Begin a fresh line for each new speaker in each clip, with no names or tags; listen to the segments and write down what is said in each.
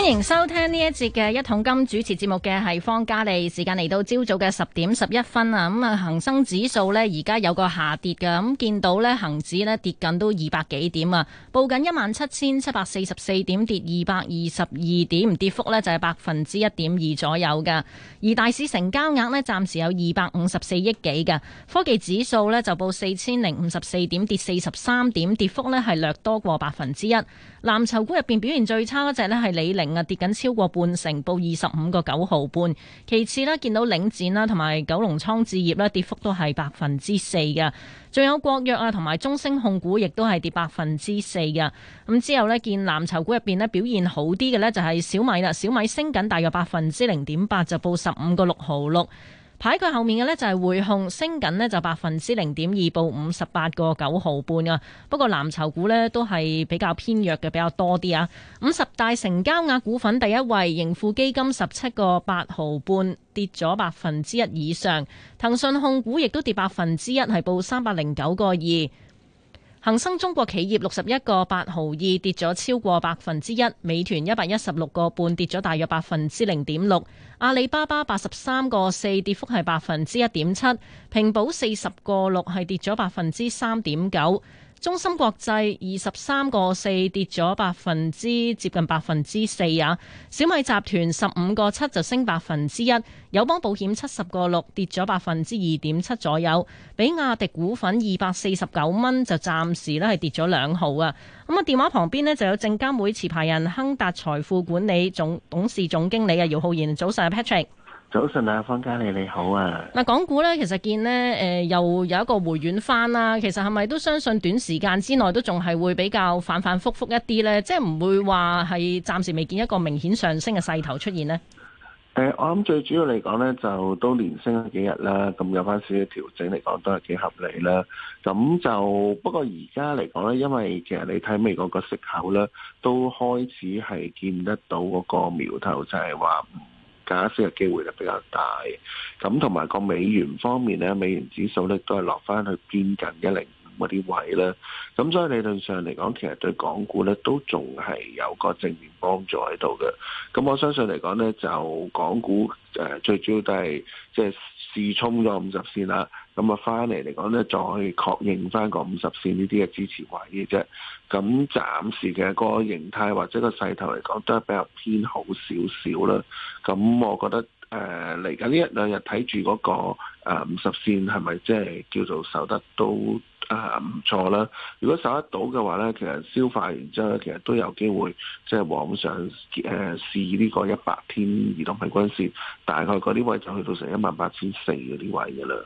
歡迎收聽呢一節嘅一桶金主持節目嘅係方嘉莉，時間嚟到朝早嘅十點十一分啊！咁啊，恒生指數呢，而家有個下跌嘅，咁見到呢，恒指呢跌緊都二百幾點啊，報緊一萬七千七百四十四點，跌二百二十二點，跌幅呢就係百分之一點二左右嘅。而大市成交額呢，暫時有二百五十四億幾嘅，科技指數呢，就報四千零五十四點，跌四十三點，跌幅呢係略多過百分之一。藍籌股入邊表現最差嗰隻呢，係李寧。跌緊超過半成，報二十五個九毫半。其次呢見到領展啦，同埋九龍倉置業呢，跌幅都係百分之四嘅。仲有國藥啊，同埋中升控股，亦都係跌百分之四嘅。咁之後呢，見藍籌股入邊呢表現好啲嘅呢，就係小米啦。小米升緊，大約百分之零點八，就報十五個六毫六。排佢後面嘅呢，就係匯控升緊呢，就百分之零點二，報五十八個九毫半啊，不過藍籌股呢，都係比較偏弱嘅比較多啲啊。五十大成交額股份第一位盈富基金十七個八毫半跌咗百分之一以上，騰訊控股亦都跌百分之一，係報三百零九個二。恒生中國企業六十一個八毫二跌咗超過百分之一，美團一百一十六個半跌咗大約百分之零點六，阿里巴巴八十三個四跌幅係百分之一點七，平保四十個六係跌咗百分之三點九。中芯國際二十三個四跌咗百分之接近百分之四啊。小米集團十五個七就升百分之一，友邦保險七十個六跌咗百分之二點七左右，比亞迪股份二百四十九蚊就暫時咧係跌咗兩毫啊。咁啊，電話旁邊呢就有證監會持牌人亨達財富管理總董事總經理啊，姚浩然早，早晨，Patrick。
早晨啊，方嘉麗你好啊！
嗱，港股咧，其實見咧，誒、呃，又有一個回軟翻啦。其實係咪都相信短時間之內都仲係會比較反反复覆一啲咧？即係唔會話係暫時未見一個明顯上升嘅勢頭出現咧？
誒、呃，我諗最主要嚟講咧，就都連升咗幾日啦。咁有翻少少調整嚟講，都係幾合理啦。咁就不過而家嚟講咧，因為其實你睇美國個息口咧，都開始係見得到嗰個苗頭就，就係話。加息嘅機會就比較大，咁同埋個美元方面咧，美元指數咧都係落翻去邊近一零五嗰啲位啦。咁所以理論上嚟講，其實對港股咧都仲係有個正面幫助喺度嘅。咁我相信嚟講咧，就港股誒最主要都係即係試衝咗五十線啦。咁啊，翻嚟嚟講咧，再確認翻個五十線呢啲嘅支持位嘅啫。咁、嗯、暫時嘅個形態或者個勢頭嚟講，都係比較偏好少少啦。咁、嗯、我覺得誒嚟緊呢一兩日睇住嗰個五十、呃、線係咪即係叫做守得都誒唔錯啦？如果守得到嘅話咧，其實消化完之後，其實都有機會即係往上誒試呢個一百天移動平均線，大概嗰啲位就去到成一萬八千四嗰啲位噶啦。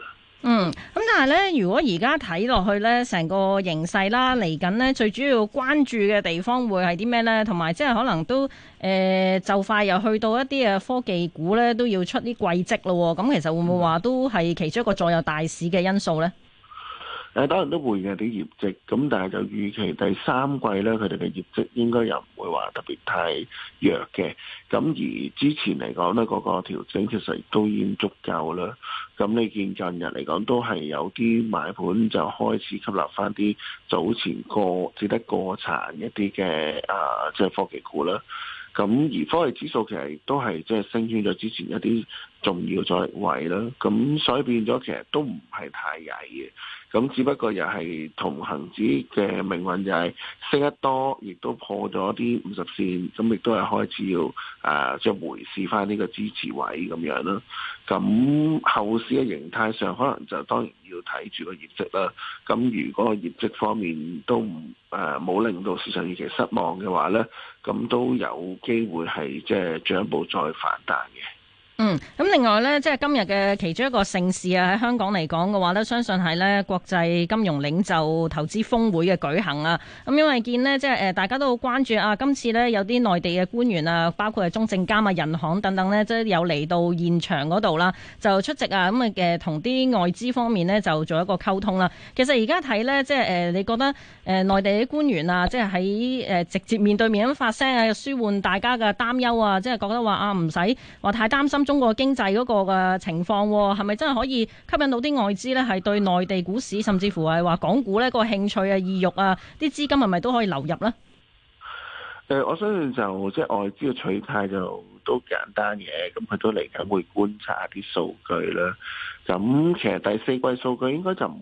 嗯，咁但係咧，如果而家睇落去咧，成個形勢啦，嚟緊咧最主要關注嘅地方會係啲咩咧？同埋即係可能都誒、呃、就快又去到一啲誒科技股咧都要出啲季績咯。咁、嗯、其實會唔會話都係其中一個左右大市嘅因素咧？
誒當然都會有啲業績，咁但係就預期第三季咧，佢哋嘅業績應該又唔會話特別太弱嘅。咁而之前嚟講咧，嗰個調整其實都已經足夠啦。咁你見近日嚟講都係有啲買盤就開始吸納翻啲早前過只得過殘一啲嘅啊，即係科技股啦。咁而科技指數其實都係即係升穿咗之前一啲。重要在位啦，咁所以變咗其實都唔係太曳嘅，咁只不過又係同恆指嘅命運就係升得多，亦都破咗啲五十線，咁亦都係開始要誒即係回試翻呢個支持位咁樣啦。咁後市嘅形態上，可能就當然要睇住個業績啦。咁如果個業績方面都唔誒冇令到市場預期失望嘅話咧，咁都有機會係即係進一步再反彈嘅。
嗯，咁另外呢，即係今日嘅其中一個盛事啊，喺香港嚟講嘅話呢，相信係呢國際金融領袖投資峰會嘅舉行啊。咁因為見呢，即係誒，大家都好關注啊。今次呢有啲內地嘅官員啊，包括係中證監啊、人行等等呢，即係有嚟到現場嗰度啦，就出席啊。咁啊，誒，同啲外資方面呢，就做一個溝通啦。其實而家睇呢，即係誒，你覺得誒內地嘅官員啊，即係喺誒直接面對面咁發聲啊，舒緩大家嘅擔憂啊，即係覺得話啊，唔使話太擔心。中國經濟嗰個嘅情況係咪真係可以吸引到啲外資呢？係對內地股市甚至乎係話港股呢個興趣啊、意欲啊，啲資金係咪都可以流入呢？
呃，我相信就即係外資嘅取態就都簡單嘅，咁佢都嚟緊會觀察啲數據啦。咁、嗯，其實第四季數據應該就唔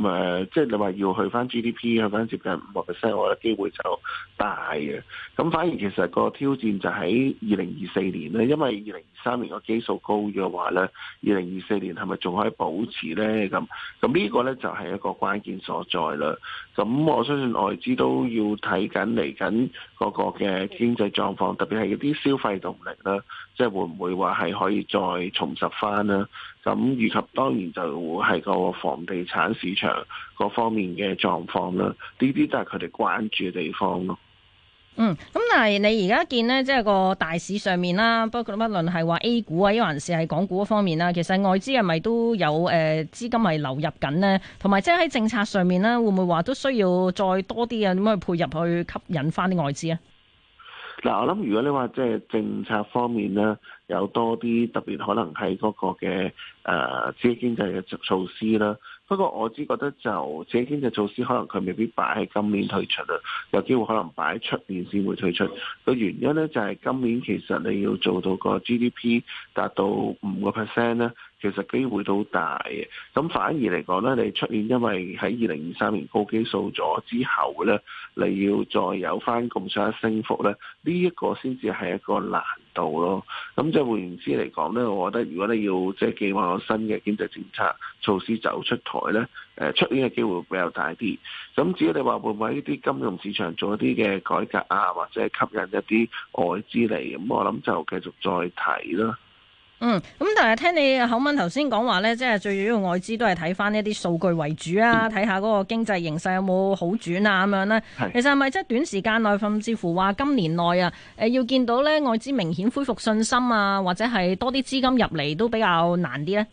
誒，即係你話要去翻 GDP 去翻接近五 percent，我覺得機會就大嘅。咁反而其實個挑戰就喺二零二四年咧，因為二零二三年個基數高嘅話咧，二零二四年係咪仲可以保持咧？咁咁呢個咧就係一個關鍵所在啦。咁我相信外資都要睇緊嚟緊嗰個嘅經濟狀況，特別係一啲消費動力啦。即係會唔會話係可以再重拾翻呢？咁以及當然就會係個房地產市場嗰方面嘅狀況啦。呢啲都係佢哋關注嘅地方咯。嗯，
咁但係你而家見呢，即係個大市上面啦，包括不論係話 A 股啊，亦還是係港股方面啦，其實外資係咪都有誒、呃、資金係流入緊呢？同埋即係喺政策上面呢，會唔會話都需要再多啲啊？點樣去配入去吸引翻啲外資呀？
嗱、啊，我諗，如果你話即係政策方面咧，有多啲特別可能係嗰個嘅誒，刺、呃、激經濟嘅措施啦。不過我只覺得就刺激經濟措施，可能佢未必擺喺今年推出啦，有機會可能擺喺出年先會推出。個原因咧就係今年其實你要做到個 GDP 達到五個 percent 咧。呢其實機會都大嘅，咁反而嚟講咧，你出年因為喺二零二三年高基數咗之後咧，你要再有翻咁上下升幅咧，呢一個先至係一個難度咯。咁即係換言之嚟講咧，我覺得如果你要即係計劃咗新嘅經濟政策措施走出台咧，誒出年嘅機會會比較大啲。咁至於你話會唔會喺呢啲金融市場做一啲嘅改革啊，或者係吸引一啲外資嚟，咁我諗就繼續再提啦。
嗯，咁但係聽你口吻頭先講話咧，即係最主要外資都係睇返一啲數據為主啊，睇下嗰個經濟形勢有冇好轉啊，咁樣咧。其實係咪即係短時間內，甚至乎話今年內啊，誒要見到咧外資明顯恢復信心啊，或者係多啲資金入嚟都比較難啲咧？
誒、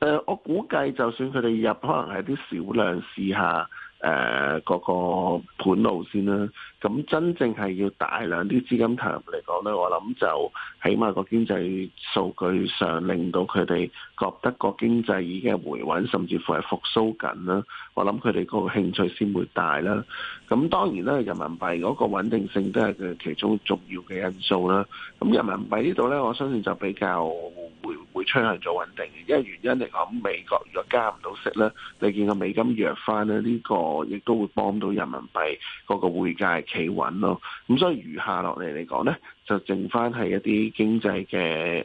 呃，我估計就算佢哋入，可能係啲少量試下，誒、呃，嗰、嗰個盤路先啦。咁真正係要大量啲資金投入嚟講咧，我諗就起碼個經濟數據上令到佢哋覺得個經濟已經係回穩，甚至乎係復甦緊啦。我諗佢哋嗰個興趣先會大啦。咁當然咧，人民幣嗰個穩定性都係佢其中重要嘅因素啦。咁人民幣呢度咧，我相信就比較會會趨向咗穩定嘅，因為原因嚟講，美國如果加唔到息咧，你見美呢、個美金弱翻咧，呢個亦都會幫到人民幣嗰個匯價。企穩咯，咁所以餘下落嚟嚟講咧，就剩翻係一啲經濟嘅誒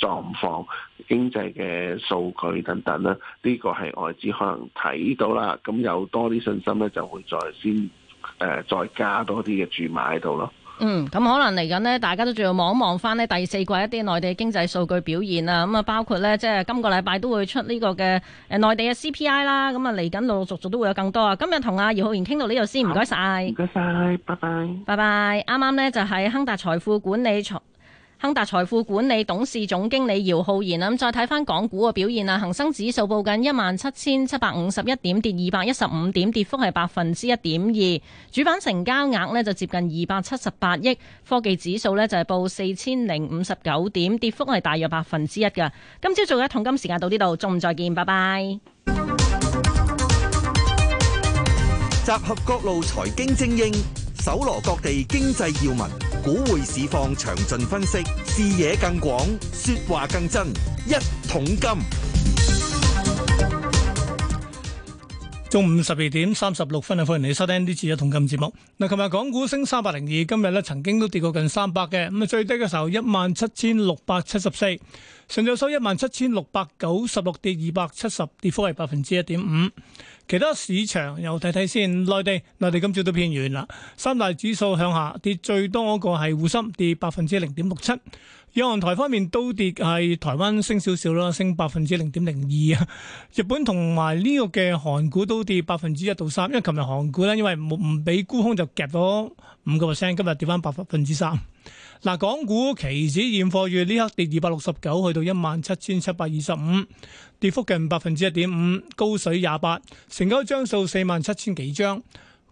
狀況、經濟嘅數據等等啦。呢個係外資可能睇到啦，咁有多啲信心咧，就會再先誒再加多啲嘅注買喺度咯。
嗯，咁可能嚟緊咧，大家都仲要望一望翻咧第四季一啲內地經濟數據表現啦，咁啊包括呢，即係今個禮拜都會出呢個嘅誒內地嘅 CPI 啦，咁啊嚟緊陸陸續續都會有更多啊。今日同阿姚浩然傾到呢度先，唔該晒，唔該晒，拜拜，拜拜。啱啱呢就喺亨達財富管理財。亨達財富管理董事總經理姚浩然，咁再睇翻港股嘅表現啊，恒生指數報緊一萬七千七百五十一點，跌二百一十五點，跌幅係百分之一點二。主板成交額呢就接近二百七十八億，科技指數呢就係、是、報四千零五十九點，跌幅係大約百分之一嘅。今朝早嘅一桶金時間到呢度，中午再見，拜拜。
集合各路財經精英，搜羅各地經濟要聞。股匯市況詳盡分析，視野更廣，說話更真。
一桶金。中午十二點三十六分啊，歡迎你收聽呢次一桶金節目。嗱，琴日港股升三百零二，今日咧曾經都跌過近三百嘅，咁最低嘅時候一萬七千六百七十四。上晝收一萬七千六百九十六，跌二百七十，跌幅係百分之一點五。其他市場又睇睇先，內地內地今朝都偏軟啦。三大指數向下，跌最多嗰個係滬深，跌百分之零點六七。亞行台方面都跌，係台灣升少少啦，升百分之零點零二啊。日本同埋呢個嘅韓股都跌百分之一到三，因為琴日韓股咧，因為唔唔俾沽空就夾咗五個 percent，今日跌翻百百分之三。嗱，港股期指現貨月呢刻跌二百六十九，去到一萬七千七百二十五，跌幅近百分之一點五，高水廿八，成交張數四萬七千幾張。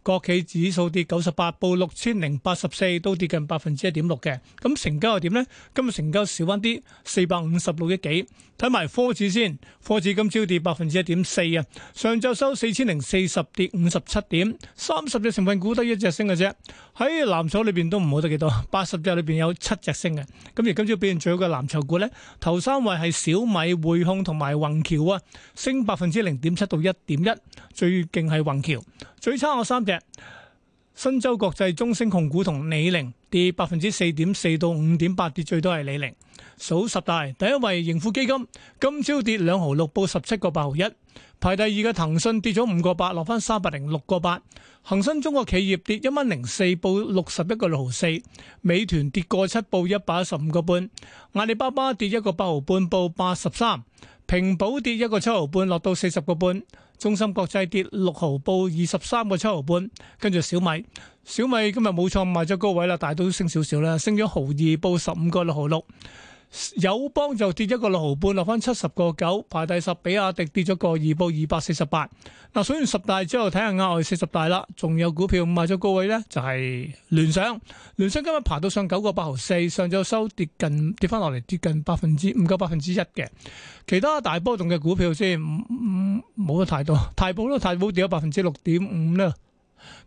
國企指數跌九十八，報六千零八十四，都跌近百分之一點六嘅。咁成交又點呢？今日成交少翻啲，四百五十六億幾。睇埋科指先，科指今朝跌百分之一點四啊。上晝收四千零四十，跌五十七點，三十隻成分股得一隻升嘅啫。喺、哎、藍籌裏邊都唔好得幾多，八十隻裏邊有七隻升嘅。咁而今朝表現最好嘅藍籌股咧，頭三位係小米、匯控同埋宏橋啊，升百分之零點七到一點一，最勁係宏橋。最差我三隻，新洲國際、中升控股同李寧跌百分之四點四到五點八，跌 4. 4. 4. 最多係李寧。數十大，第一位盈富基金今朝跌兩毫六，報十七個八毫一。排第二嘅騰訊跌咗五個八，落翻三百零六個八。恒生中國企業跌一蚊零四，報六十一個六毫四。美團跌個七，報一百十五個半。阿里巴巴跌一個八毫半，報八十三。平保跌一個七毫半，落到四十個半。中心國際跌六毫，報二十三個七毫半。跟住小米，小米今日冇錯賣咗高位啦，但係都升少少啦，升咗毫二，報十五個六毫六。友邦就跌一個六毫半，落翻七十個九，排第十比亞，比亞迪跌咗個二，報二百四十八。嗱，數完十大之後，睇下額外四十大啦，仲有股票賣咗高位咧，就係、是、聯想。聯想今日爬到上九個八毫四，上晝收跌近跌翻落嚟，跌近百分之五，九百分之一嘅。其他大波動嘅股票先，冇、嗯、咗、嗯、太多。太保都太保跌咗百分之六點五啦。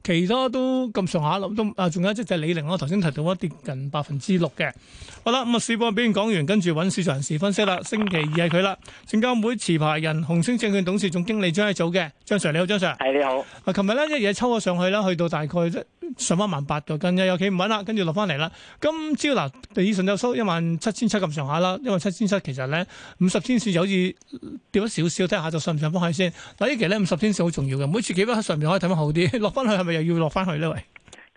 其他都咁上下，都啊，仲有一隻就係李寧我頭先提到啦，跌近百分之六嘅。好啦，咁啊市況表現講完，跟住揾市場人士分析啦。星期二係佢啦，證監會持牌人、紅星證券董事總經理張一祖嘅張 Sir，你好，張 Sir。係、哎、你好。琴日呢，一嘢抽咗上去啦，去到大概上一萬八度，跟又企唔穩啦，跟住落翻嚟啦。今朝嗱，第二上就收一萬七千七咁上下啦，一萬七千七其實呢，五十天綫就好似掉咗少少，睇下就上唔上翻去先。嗱，依期呢，五十天綫好重要嘅，每次企翻喺上面可以睇翻好啲， 翻去係咪又要落翻去呢？喂！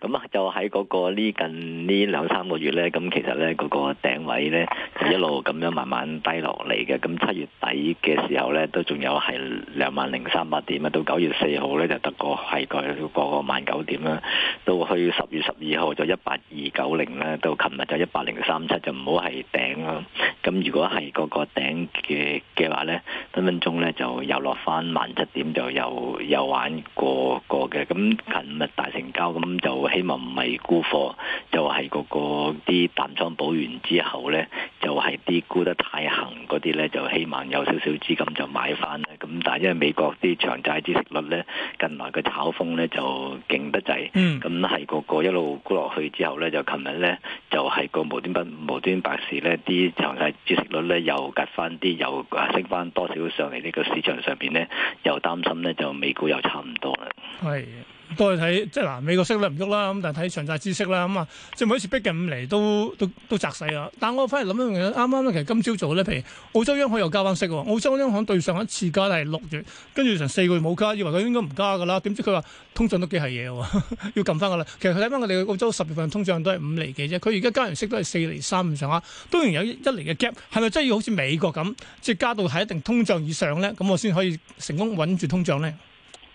咁啊，就喺嗰個呢近呢兩三個月呢，咁其實呢，嗰個頂位呢，就一路咁樣慢慢低落嚟嘅。咁七月底嘅時候呢，都仲有係兩萬零三百點啊。到九月四號呢，就得個係個個萬九點啦。到去十月十二號就一八二九零啦，到琴日就一八零三七，就唔好係頂囉。咁如果係嗰個頂嘅嘅話呢，分分鐘呢，就又落翻萬七點，就又又玩過過嘅。咁近咪大。交咁就希望唔係沽貨，就係、是、嗰、那個啲淡倉補完之後呢，就係、是、啲沽得太行嗰啲呢，就希望有少少資金就買翻。咁但係因為美國啲長債孳息率呢，近來嘅炒風呢就，就勁得滯，咁係個個一路沽落去之後呢，就琴日呢，就係、是、個無端不無端白事呢啲長債孳息率呢，又隔翻啲，又升翻多少上嚟，呢個市場上邊呢，又擔心呢，就美股又差唔多啦。係。
都係睇，即係嗱、啊，美國息率唔喐啦，咁但係睇長債知識啦，咁、嗯、啊，即係每一次逼近五厘都都都窄細啊！但係我翻嚟諗一樣嘢，啱啱其實今朝早咧，譬如澳洲央行又加翻息喎，澳洲央行對上一次加係六月，跟住成四個月冇加，以為佢應該唔加㗎啦，點知佢話通脹都幾係嘢喎， 要撳翻㗎啦。其實佢睇翻我哋澳洲十月份通脹都係五厘幾啫，佢而家加完息都係四厘三咁上下，當然有一厘嘅 gap，係咪真係要好似美國咁即係加到喺一定通脹以上咧，咁我先可以成功穩住通脹咧？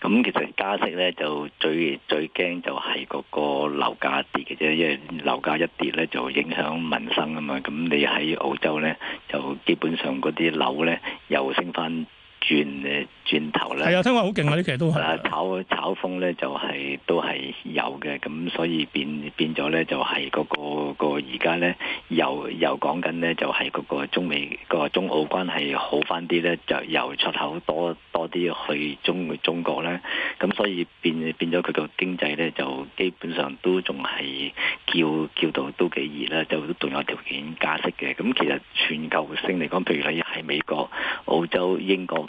咁其實加息咧就最最驚就係嗰個樓價一跌嘅啫，因為樓價一跌咧就影響民生啊嘛。咁你喺澳洲咧就基本上嗰啲樓咧又升翻。轉誒轉頭啦，係啊，聽
話好勁啊！呢其實都係
炒炒風咧，就係、是、都係有嘅。咁所以變變咗咧、那個，就係嗰個個而家咧，又又講緊咧，就係嗰個中美個中澳關係好返啲咧，就又出口多多啲去中中國咧。咁所以變變咗佢個經濟咧，就基本上都仲係叫叫到都幾熱啦，就都有條件加息嘅。咁其實全球性嚟講，譬如你喺美國、澳洲、英國。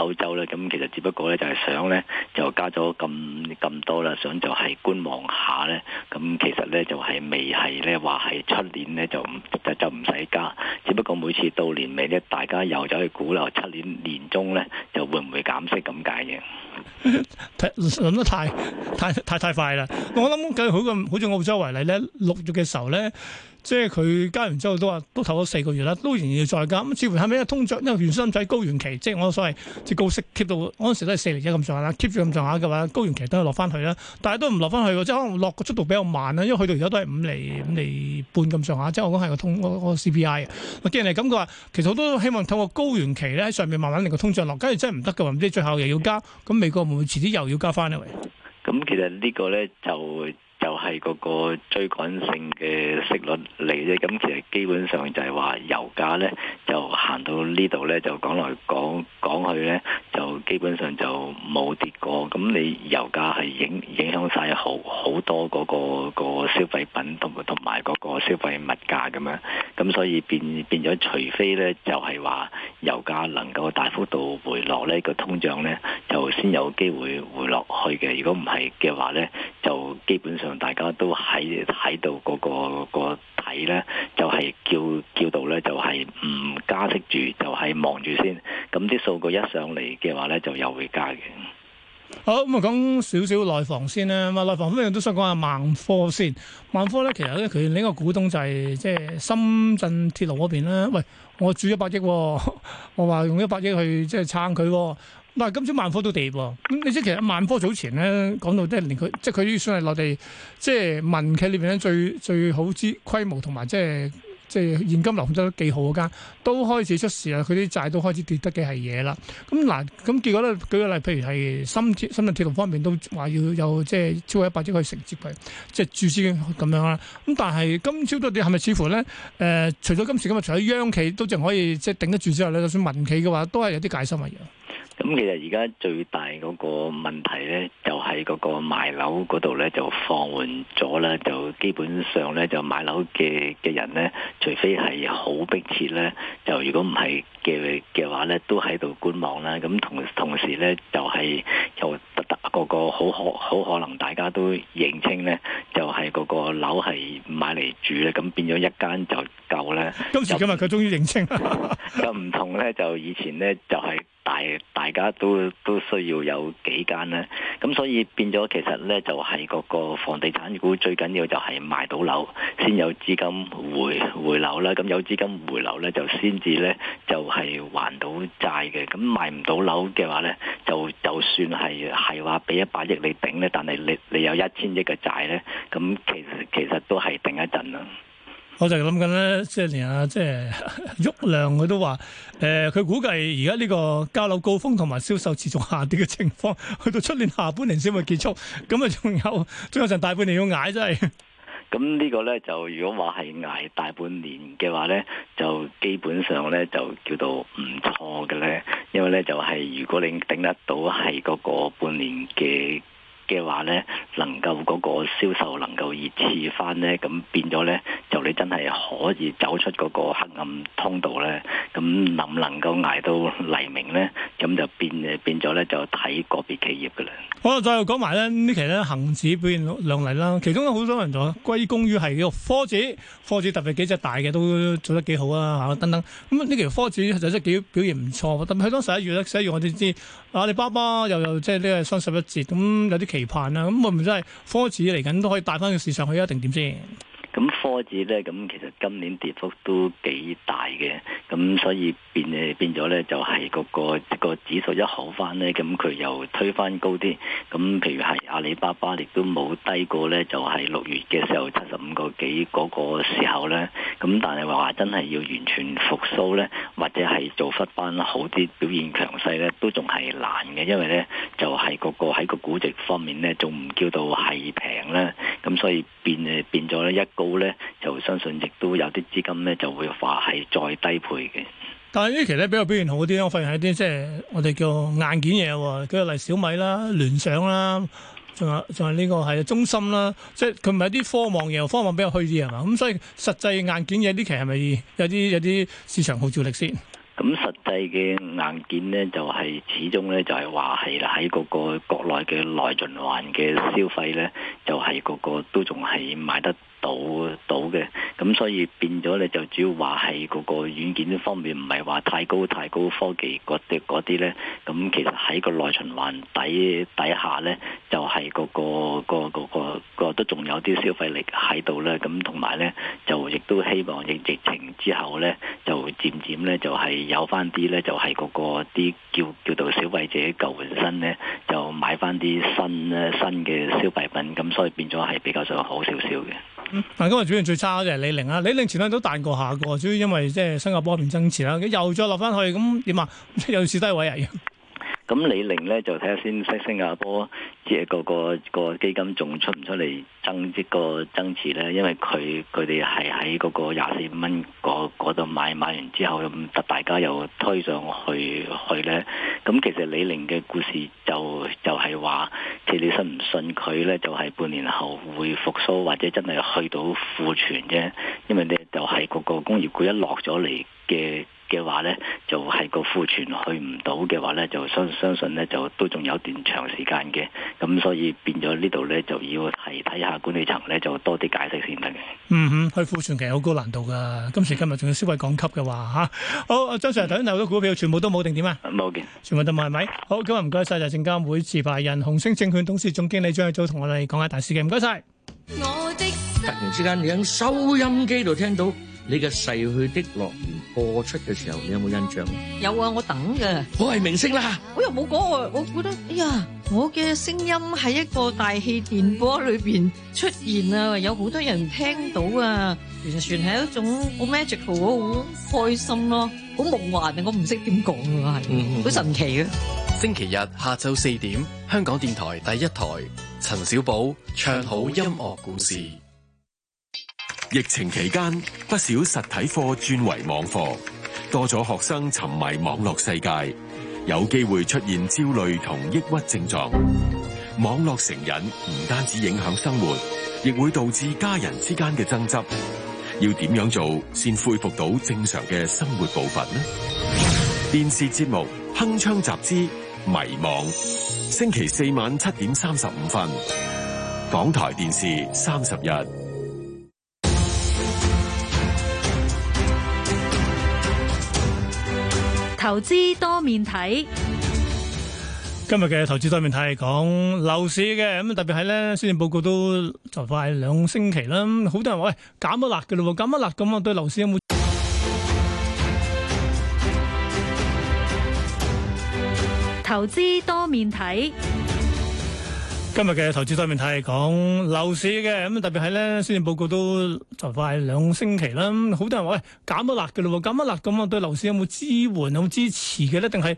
歐洲咧，咁其實只不過咧就係想咧就加咗咁咁多啦，想就係觀望下咧。咁其實咧就係未係咧話係出年咧就就就唔使加。只不過每次到年尾咧，大家又走去鼓樓出年年中咧，就會唔會減息咁解嘅？
諗得太太太太快啦！我諗緊，好似好似澳洲為例咧，六月嘅時候咧，即係佢加完之後都話都唞咗四個月啦，都仍然要再加。咁似乎係咪因為通脹，因為原先唔使高原期，即係我所謂。啲高息 keep 到嗰陣時都係四厘一咁上下啦，keep 住咁上下嘅話，高原期都係落翻去啦。但係都唔落翻去喎，即係可能落個速度比較慢啦，因為去到而家都係五厘、五厘半咁上下。即係我講係個通嗰個 CPI 啊。CP I，既然係咁嘅話，其實我都希望透過高原期咧喺上面慢慢令個通脹落，假如真係唔得嘅話，唔知最後又要加，咁美國會唔會遲啲又要加翻咧？
咁其實個呢個咧就。就係嗰個追趕性嘅息率嚟啫，咁其實基本上就係話油價呢就行到呢度呢，就講來講講去呢，就基本上就冇跌過。咁你油價係影影響晒好好多嗰個個消費品同埋同埋嗰個消費物價咁樣，咁所以變變咗，除非呢就係話油價能夠大幅度回落，呢個通脹呢就先有機會回落去嘅。如果唔係嘅話呢，就基本上。嗯、大家都喺睇到嗰、那個、那個體咧，就係、是、叫叫到咧，就係、是、唔加息住，就係望住先。咁、嗯、啲數據一上嚟嘅話咧，就又會加嘅。好
咁啊，講少少內房先啦。咁啊，內房方面都想講下萬科先。萬科咧，其實咧，佢呢個股東就係即係深圳鐵路嗰邊啦。喂，我住一百億、哦，我話用一百億去即係、就是、撐佢、哦。唔、啊、今朝萬科都跌噃？咁、嗯、你知其實萬科早前咧，講到即係連佢即係佢算係內地即係民企裏邊咧最最好之規模同埋即係即係現金流都幾好嗰間都開始出事啦。佢啲債都開始跌得幾係嘢啦。咁、啊、嗱，咁、啊、結果咧，舉個例，譬如係深鐵深圳鐵路方面都話要有即係超過一百億去承接佢即係注資咁樣啦。咁但係今朝都跌，係咪似乎咧？誒、呃，除咗今時今日，除咗央企都仲可以即係頂得住之外咧，就算民企嘅話，都係有啲戒心有。心啊！嘢。
咁、嗯、其實而家最大嗰個問題咧，就係、是、嗰個買樓嗰度咧就放緩咗啦，就基本上咧就買樓嘅嘅人咧，除非係好迫切咧，就如果唔係嘅嘅話咧，都喺度觀望啦。咁、嗯、同同時咧，就係又得得嗰個好可好可能大家都認清咧，就係、是、嗰個樓係買嚟住咧，咁變咗一間就夠咧。今
時今日佢終於認清，
就唔同咧，就以前咧就係、是。大家都都需要有幾間啦，咁所以變咗其實呢就係嗰個房地產股最緊要就係賣到樓先有資金回回流啦，咁有資金回流呢，就先至呢就係還到債嘅，咁賣唔到樓嘅話呢，就就算係係話俾一百億你頂呢，但係你你有一千億嘅債呢，咁其實其實都係頂一陣啊。
我就諗緊咧，即係連阿即係郁亮佢都話，誒、呃，佢估計而家呢個交樓高峰同埋銷售持續下跌嘅情況，去到出年下半年先會結束。咁啊，仲有仲有成大半年要挨，真係。
咁呢個咧就如果話係挨大半年嘅話咧，就基本上咧就叫做唔錯嘅咧，因為咧就係、是、如果你頂得到係嗰個半年嘅。嘅話咧，能夠嗰個銷售能夠熱刺翻咧，咁變咗咧，就你真係可以走出嗰個黑暗通道咧。咁能唔能夠捱到黎明咧？咁就變誒變咗咧，就睇個別企業噶啦。
好啊，再講埋咧，呢期咧恆指表現亮麗啦，其中有好多人就歸功於係個科指，科指特別幾隻大嘅都做得幾好啊嚇，等等。咁呢期科指實質表現唔錯，特別喺當十一月咧，十一月我哋知阿里巴巴又又即係呢個雙十一節，咁有啲企。期盼啦，咁啊，唔真係科指嚟緊都可以帶翻去市場去啊，定點先？
咁科技咧，咁其實今年跌幅都幾大嘅，咁所以變誒變咗咧、那個，就係嗰個指數一好翻咧，咁佢又推翻高啲。咁譬如係阿里巴巴，亦都冇低過咧，就係、是、六月嘅時候七十五個幾嗰個時候咧。咁但係話真係要完全復甦咧，或者係做忽班好啲表現強勢咧，都仲係難嘅，因為咧就係、是、嗰個喺個估值方面咧，仲唔叫到係平啦。咁所以變誒變咗咧一。到咧就相信亦都有啲資金咧就會話係再低配嘅。
但係呢期咧比較表現好啲，我發現一啲即係我哋叫硬件嘢喎。佢例如小米啦、聯想啦，仲有仲係呢個係中芯啦。即係佢唔係啲科網嘢，科網比較虛啲係嘛。咁所以實際硬件嘢呢期係咪有啲有啲市場號召力先？
咁實際嘅硬件咧就係、是、始終咧就係話係喺嗰個國內嘅內循環嘅消費咧，就係、是、個個都仲係賣得。到到嘅，咁所以變咗咧就主要話係嗰個軟件方面唔係話太高太高科技嗰啲嗰啲咧，咁其實喺個內循環底底下咧，就係嗰個個個個個個個個都仲有啲消費力喺度咧，咁同埋咧就亦都希望疫疫情之後咧，就漸漸咧就係有翻啲咧就係嗰個啲叫叫做消費者舊換新咧，就買翻啲新咧新嘅消費品，咁所以變咗係比較上好少少嘅。
嗱、嗯，今日表現最差嘅就係李寧啦。李寧前兩日都彈過下個，主要因為即係新加坡邊增持啦，佢又再落翻去，咁點啊？又試低位啊！
咁李寧呢，就睇下先，即係新加坡，即係個個基金仲出唔出嚟增值個增持呢？因為佢佢哋係喺嗰個廿四蚊嗰度買，買完之後又得大家又推上去去呢，咁其實李寧嘅故事就就係、是、話，睇你信唔信佢呢？就係、是、半年後會復甦，或者真係去到庫存啫。因為呢，就係個個工業股一落咗嚟嘅。嘅話咧，就係、是、個庫存去唔到嘅話咧，就相相信咧，就都仲有段長時間嘅。咁所以變咗呢度咧，就要係睇下管理層咧，就多啲解釋先得嘅。
嗯哼，去庫存其實好高難度㗎。今時今日仲要消費降級嘅話嚇、啊，好，張 Sir，頭先頭嗰啲股票全部都冇定點啊？冇嘅，全部都冇係咪？好，咁啊，唔該曬證監會自辦人、紅星證券董事總經理張毅祖同我哋講下大事嘅。唔該曬。
我突然
之間你喺
收音機度聽到。你嘅逝去的樂園播出嘅時候，你有冇印象？
有啊，我等嘅。
我係明星啦，
我又冇講，我覺得哎呀，我嘅聲音喺一個大氣電波裏邊出現啊，有好多人聽到啊，完全係一種好 magical，好開心咯，好夢幻啊，我唔識點講啊，係好神
奇嘅。嗯嗯，星期日下晝四點，香港電台
第一台，陳小寶唱好音樂故事。嗯嗯嗯嗯疫情期間，不少實體課轉為網課，多咗學生沉迷網絡世界，有機會出現焦慮同抑鬱症狀。網絡成癮唔單止影響生活，亦會導致家人之間嘅爭執。要點樣做先恢復到正常嘅生活部分呢？電視節目《鏗鏘集資》迷惘，星期四晚七點三十五分，港台電視三十日。
投資多面睇。
今日嘅投資多面睇係講，樓市嘅咁特別係咧，施政報告都就快兩星期啦，好多人話喂減咗辣嘅咯，減咗辣咁啊，對樓市有冇？投資多面睇。今日嘅投資方面睇嚟講，樓市嘅咁特別係咧，先至報告都就快兩星期啦。好多人話喂減咗辣嘅咯，減咗辣咁啊，對樓市有冇支援、有冇支持嘅咧？定係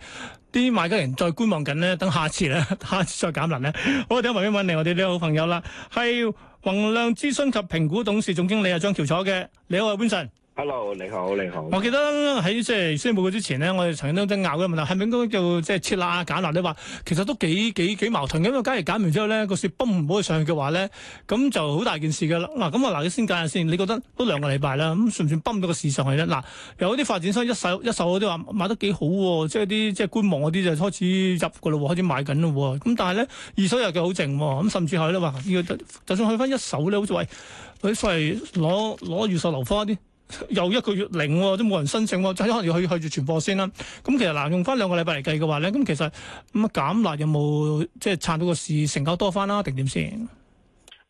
啲買家人再觀望緊咧？等下次咧，下次再減辣咧？好，我哋下問一問嚟，我哋呢個好朋友啦，係宏亮諮詢及評估董事總經理阿張喬楚嘅，你好，Winson。
Hello，你
好，你好。我記得喺即係宣布之前咧，我哋曾經都爭拗嘅問題係咪係應該就即係撤辣啊、減辣，你話其實都幾幾幾矛盾嘅咁。假如減完之後咧，個市泵唔好去上嘅話咧，咁就好大件事嘅啦。嗱、啊，咁我嗱你先計下先，你覺得都兩個禮拜啦，咁算唔算泵到個市上去咧？嗱、啊，有啲發展商一手一手嗰啲話買得幾好喎，即係啲即係觀望嗰啲就開始入個咯，開始買緊咯。咁但係咧，二手又嘅好靜喎，咁甚至係咧話就算去翻一手咧，好似喂，佢費事攞攞預售樓花啲。哎又一個月零都、啊、冇人申請喎、啊，就可能要去去住存貨先啦、啊。咁、嗯、其實嗱、呃，用翻兩個禮拜嚟計嘅話咧，咁、嗯、其實咁、嗯、減辣有冇即係撐到個市成交多翻啦、啊？定點先？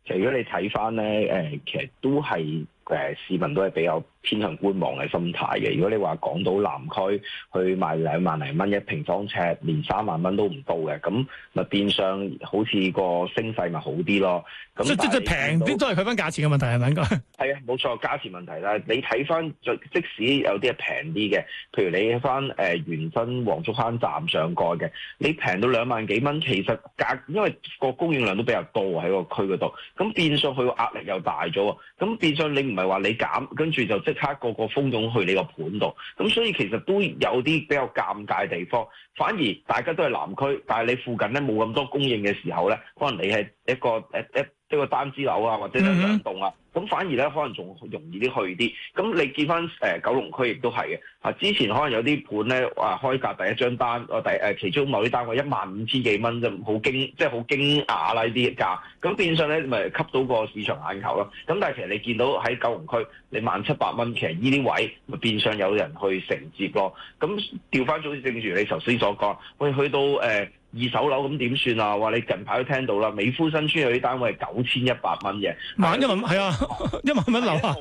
其實如果你睇翻咧，誒、呃，其實都係誒市民都係比較，偏向觀望嘅心態嘅。如果你話港島南區去賣兩萬零蚊一平方尺，連三萬蚊都唔到嘅，咁咪變相好似個升勢咪好啲咯。嗯、即即即平，即
都係佢翻價錢嘅問題係咪先？應該
係啊， 冇錯，價錢問題啦。你睇翻，即即使有啲係平啲嘅，譬如你喺翻誒元芬黃竹坑站上蓋嘅，你平到兩萬幾蚊，其實價因為個供應量都比較多喺個區嗰度，咁變相佢個壓力又大咗喎。咁變相你唔係話你減，跟住就即。差個個蜂擁去你個盤度，咁所以其實都有啲比較尷尬嘅地方，反而大家都係南區，但係你附近咧冇咁多供應嘅時候咧，可能你係。一個誒誒呢個單支樓啊，或者兩兩棟啊，咁、mm hmm. 反而咧可能仲容易啲去啲。咁你見翻誒九龍區亦都係嘅，啊之前可能有啲盤咧，啊開價第一張單，我第誒其中某啲單位一萬五千幾蚊就好驚，即係好驚訝啦呢啲價。咁變相咧咪吸到個市場眼球咯。咁但係其實你見到喺九龍區，你萬七百蚊，其實呢啲位咪變相有人去承接咯。咁調翻轉正如你頭先所講，喂，去到誒。呃二手樓咁點算啊？話你近排都聽到啦，美孚新村有啲單位係九千一百蚊嘅，萬
一萬蚊係啊，一萬蚊樓啊！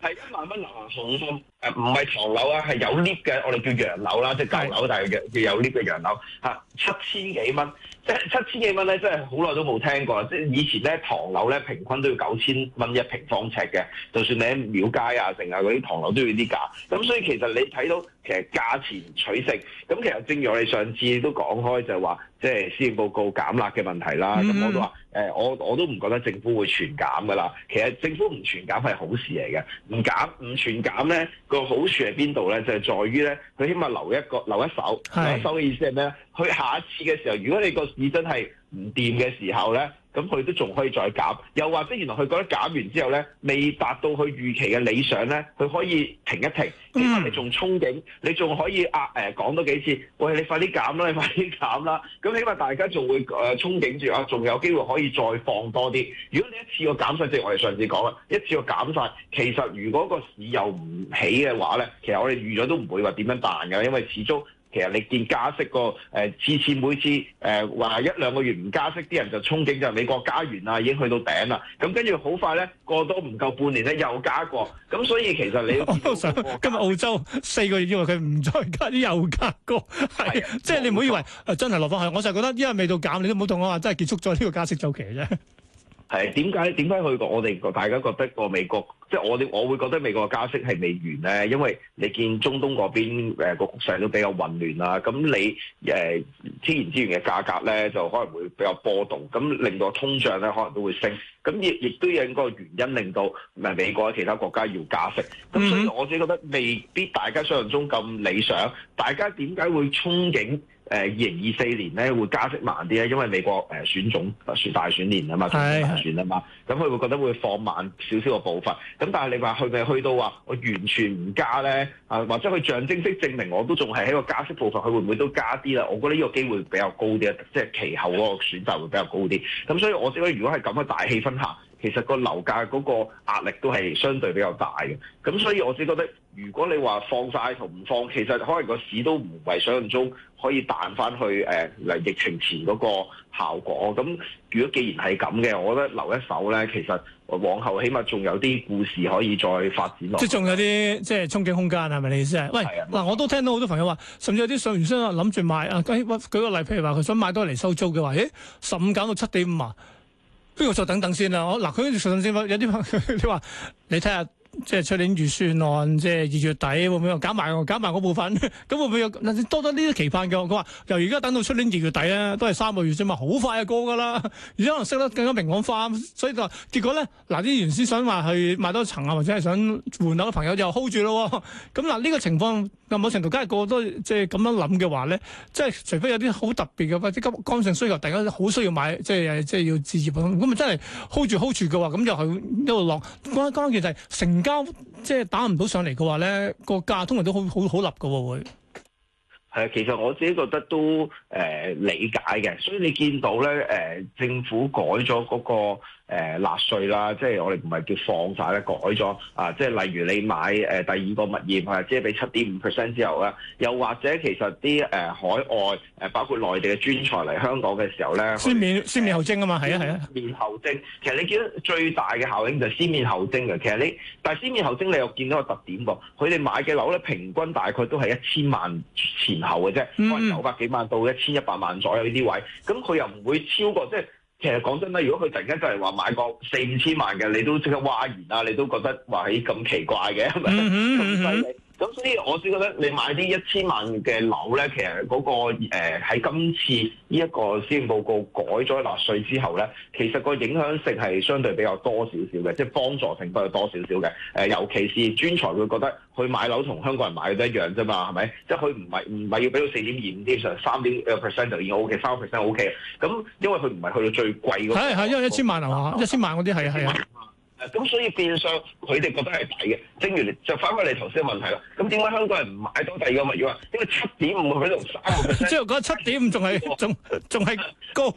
係一萬蚊、嗯、樓
控，誒唔係唐樓啊，係有 lift 嘅，我哋叫洋樓啦，即係舊樓，但係嘅叫有 lift 嘅洋樓嚇，七千幾蚊，即係七千幾蚊咧，真係好耐都冇聽過即係以前咧，唐樓咧平均都要九千蚊一平方尺嘅，就算你喺廟街啊，成啊嗰啲唐樓都要啲價。咁所以其實你睇到其實價錢取勝，咁其實正如我哋上次都講開就係話，即係施政報告減辣嘅問題啦。咁我、欸、我，我都話誒，我我都唔覺得政府會全減噶啦。其實政府唔全減係好事嚟嘅。唔減唔全減咧，個好處喺邊度咧？就係、是、在於咧，佢起碼留一個留一手。留一手嘅意思係咩咧？佢下一次嘅時候，如果你個市真係，唔掂嘅時候咧，咁佢都仲可以再減，又或者原來佢覺得減完之後咧，未達到佢預期嘅理想咧，佢可以停一停，起碼你仲憧憬，你仲可以壓誒、啊呃、講多幾次，喂你快啲減啦，你快啲減啦，咁起碼大家仲會誒、呃、憧憬住啊，仲有機會可以再放多啲。如果你一次過減晒，即係，我哋上次講啦，一次過減晒，其實如果個市又唔起嘅話咧，其實我哋預咗都唔會話點樣辦噶，因為始終。其實你見加息個誒，次、呃、次每次誒話、呃、一兩個月唔加息，啲人就憧憬就美國加息完啊，已經去到頂啦。咁跟住好快咧，過多唔夠半年咧又加過。咁所以其實你
過過今日澳洲四個月以為佢唔再加，啲又加過，係的即係你唔好以為誒洲真係落翻去。我就覺得因為未到減，你都唔好同我話真係結束咗呢個加息周期啫。
係，點解？點解去過我哋大家覺得個美國，即係我我會覺得美國加息係未完咧，因為你見中東嗰邊誒個局勢都比較混亂啦，咁你誒天然資源嘅價格咧就可能會比較波動，咁令到通脹咧可能都會升，咁亦亦都有個原因令到誒美國喺其他國家要加息，咁所以我自己覺得未必大家想像中咁理想，大家點解會憧憬？誒二零二四年咧會加息慢啲啊，因為美國誒、呃、選總選大選年啊嘛，總統大選啊嘛，咁佢 會覺得會放慢少少個步伐。咁但係你話佢咪去到話我完全唔加咧啊？或者佢象徵式證明我都仲係喺個加息步伐，佢會唔會都加啲啦？我覺得呢個機會比較高啲啊，即係其後嗰個選擇會比較高啲。咁所以我只覺得如果係咁嘅大氣氛下，其實個樓價嗰個壓力都係相對比較大嘅。咁所以我只覺得。如果你話放晒同唔放，其實可能個市都唔係想像中可以彈翻去誒嚟疫情前嗰個效果。咁如果既然係咁嘅，我覺得留一手咧，其實往後起碼仲有啲故事可以再發展落。即係仲有
啲即係憧憬空間係咪你意思啊？的喂，嗱錯，我都聽到好多朋友話，甚至有啲上完先啊諗住買啊。舉、哎、舉個例，譬如話佢想買多嚟收租嘅話，誒十五減到七點五啊，邊個再等等先啦？嗱，佢上完先有啲朋友你話，你睇下。即係出年預算案，即係二月底會唔會減埋減埋嗰部分？咁會唔會有多啲呢啲期盼嘅？佢話由而家等到出年二月底啊，都係三個月啫嘛，好快就過㗎啦。而家可能識得更加明朗化，所以就結果咧，嗱啲原先想話去買多層啊，或者係想換樓嘅朋友就 hold 住咯。咁嗱呢個情況，某程度梗係個個都即係咁樣諗嘅話咧，即係除非有啲好特別嘅或者急剛性需求，大家好需要買，即係即係要置業咁，咪真係 hold 住 hold 住嘅話，咁就係一路落。關關鍵就係成。而家即係打唔到上嚟嘅話咧，個價通常都好好好立嘅喎。
係，其實我自己覺得都誒、呃、理解嘅，所以你見到咧誒、呃，政府改咗嗰、那個。誒納稅啦，即係我哋唔係叫放晒，咧，改咗啊！即係例如你買誒、呃、第二個物業，係即係俾七點五 percent 之後咧，又或者其實啲誒海外誒包括內地嘅專才嚟香港嘅時候咧，先
免們先免後徵啊嘛，係啊係
啊，免後徵、啊啊。其實你見最大嘅效應就係先免後徵嘅。其實你但係先免後徵，你又見到個特點噃，佢哋買嘅樓咧平均大概都係一千萬前後嘅啫，可能九百幾萬到一千一百萬左右呢啲位，咁佢又唔會超過即係。其實講真啦，如果佢突然間就係話買個四五千萬嘅，你都即刻嘩然啦，你都覺得話係咁奇怪嘅，係咪？咁犀利。Hmm, mm hmm. 咁所以我只覺得你買啲一千萬嘅樓咧，其實嗰、嗰個喺、呃、今次呢一個施政報告改咗納稅之後咧，其實個影響性係相對比較多少少嘅，即係幫助性都係多少少嘅。誒、呃，尤其是專才會覺得佢買樓同香港人買嘅都一樣啫嘛，係咪？即係佢唔係唔係要俾到四點二五 percent，三點 percent 就已經 OK，三個 percent OK。咁因為佢唔係去到最貴嗰個，係
係、啊啊、因為一千萬啊嘛，一千萬嗰啲係係啊。1,
咁、啊、所以變相佢哋覺得係抵嘅。正如就翻返你頭先嘅問題啦。咁點解香港人唔買多第二個物業啊？因為七點五喺度三個 percent。之後嗰七點五仲係仲仲係高。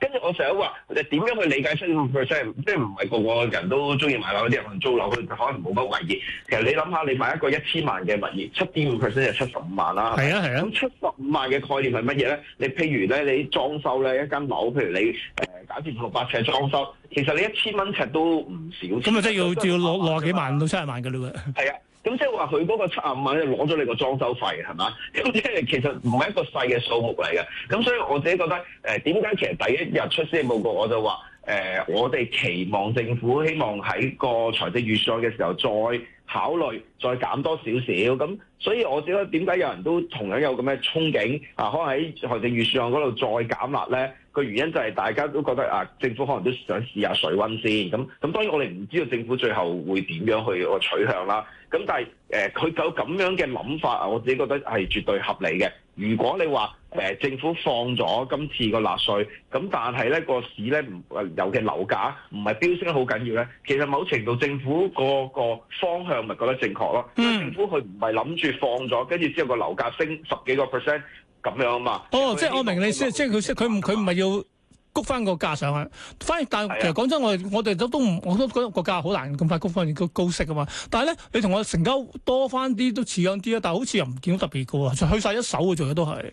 跟住我成日話，你點樣去理解七點五 percent？即係唔係個個人都中意買樓？啲人可能租樓，佢可能冇乜遺業。其實你諗下，你買一個一千萬嘅物業，七點五 percent 就七十五萬啦。係啊係啊，七十五萬嘅概念係乜嘢咧？你譬如咧，你裝修咧一間樓，譬如你、呃搞掂六百尺裝修，其實你一千蚊尺都唔少。咁啊，即係要要
攞攞幾萬到七十萬嘅嘞喎。係
啊， 咁即係話佢嗰個七十五萬咧攞咗你個裝修費係嘛？咁即係其實唔係一個細嘅數目嚟嘅。咁所以我自己覺得誒，點、呃、解其實第一日出施政報告我就話誒、呃，我哋期望政府希望喺個財政預算案嘅時候再考慮再減多少少。咁所以我自己覺得點解有人都同樣有咁嘅憧憬啊？可能喺財政預算案嗰度再減辣咧。個原因就係大家都覺得啊，政府可能都想試下水溫先咁。咁當然我哋唔知道政府最後會點樣去個取向啦。咁但係誒，佢、呃、有咁樣嘅諗法，我自己覺得係絕對合理嘅。如果你話誒、呃、政府放咗今次個納稅，咁但係咧個市咧唔尤其樓價唔係飆升得好緊要咧，其實某程度政府個個方向咪覺得正確咯。政府佢唔係諗住放咗，跟住之後個樓價升十幾個 percent。咁樣啊嘛！哦，即係
我明你，即係即係佢識，佢唔佢唔係要谷翻個價上去。反而但係其實講真，我我哋都都唔，我都覺得個價好難咁快谷翻個高息啊嘛。但係咧，你同我成交多翻啲都似樣啲啊，但係好似又唔見到特別高啊，就去晒一手嘅做嘅都係。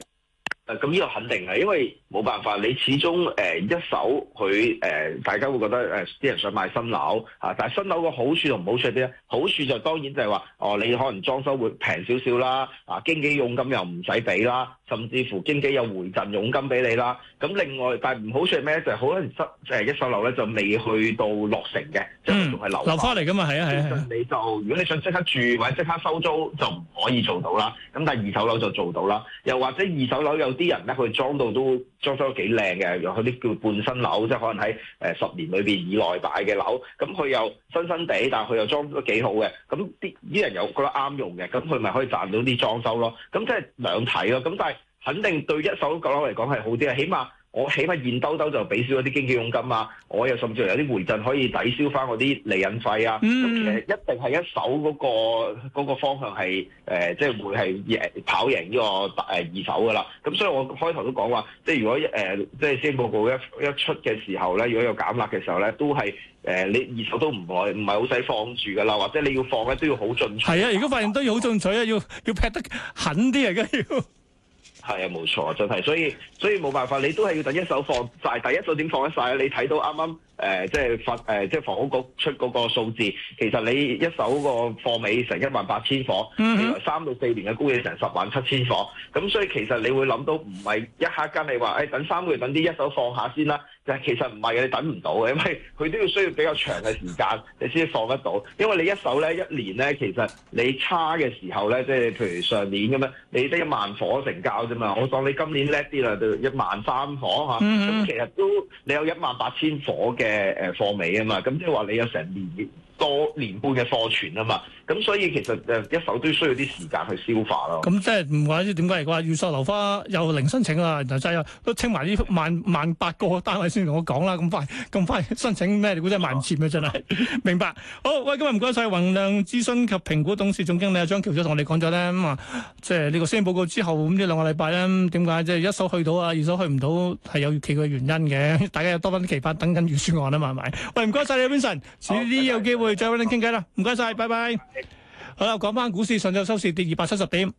誒咁呢個肯定係，因為冇辦法，你始終誒、呃、一手佢誒、呃，大家會覺得誒啲、呃呃、人想買新樓啊，但係新樓嘅好處同唔好處啲咧、啊，好處就當然就係話，哦，你可能裝修會平少少啦，啊，經紀佣金又唔使俾啦。啊甚至乎經紀有回贈佣金俾你啦。咁另外，但係唔好處咩？就係可能即係一手樓咧，就未去到落成嘅，即係仲係樓留翻嚟㗎嘛。係
啊係啊。後啊啊，你就
如果你想即刻住或者即刻收租就唔可以做到啦。咁但係二手樓就做到啦。又或者二手樓有啲人咧，佢裝到都裝修得幾靚嘅，有啲叫半新樓，即係可能喺誒十年裏邊以內買嘅樓，咁佢又新新地，但係佢又裝得幾好嘅。咁啲啲人又覺得啱用嘅，咁佢咪可以賺到啲裝修咯。咁即係兩睇咯。咁但係。肯定對一手閣樓嚟講係好啲啦，起碼我起碼現兜兜就俾少一啲經紀佣金啊，我又甚至有啲回贈可以抵消翻我啲厘印費啊。咁其實一定係一手嗰、那個那個方向係誒，即、呃、係、就是、會係贏跑贏呢個誒二手噶啦。咁所以我開頭都講話，即係如果誒、呃、即係施政報告一一出嘅時候咧，如果有減辣嘅時候咧，都係誒、呃、你二手都唔耐，唔係好使放住噶啦，或者你要放咧都要好進
取。係啊，如果發現都要好進取啊，要要，要劈得狠啲嚟嘅要，要。
係啊，冇錯，真係，所以所以冇辦法，你都係要等一手放曬，第一手點放得晒啊？你睇到啱啱。誒、呃、即係發誒、呃、即係房屋局出嗰個數字，其實你一手個貨尾成一萬八千伙，原來，三、mm hmm. 到四年嘅供應成十萬七千伙，咁所以其實你會諗到唔係一下間你話誒、哎、等三個月等啲一手放下先啦，但係其實唔係嘅，你等唔到嘅，因為佢都要需要比較長嘅時間你先放得到，因為你一手咧一年咧其實你差嘅時候咧，即係譬如上年咁樣，你得一萬伙成交啫嘛，我當你今年叻啲啦，就一萬三伙嚇，咁、mm hmm. 其實都你有一萬八千伙嘅。誒誒，貨尾啊嘛，咁即係話你有成年多年半嘅貨存啊嘛。咁所以其實誒一手都需要啲時間去消
化咯。咁、嗯、即係唔怪之點解嚟嘅話，預售樓花又零申請啦，就真係都清埋呢萬萬八個單位先同我講啦。咁快咁快申請咩？你估真係賣唔切嘅真係。哦、 明白。好，喂，今日唔該晒宏亮諮詢及評估董事總經理張橋仔同我哋講咗咧，咁話即係呢個宣明報告之後，咁呢兩個禮拜咧，點解即係一手去到啊，二手去唔到係有其他原因嘅。 大家有多翻啲期盼，等緊預算案啊，買買。喂，唔該晒你，Vincent，遲啲有機會再揾你傾偈啦。唔該晒，拜拜。好啦，講翻股市，上週收市跌二百七十點。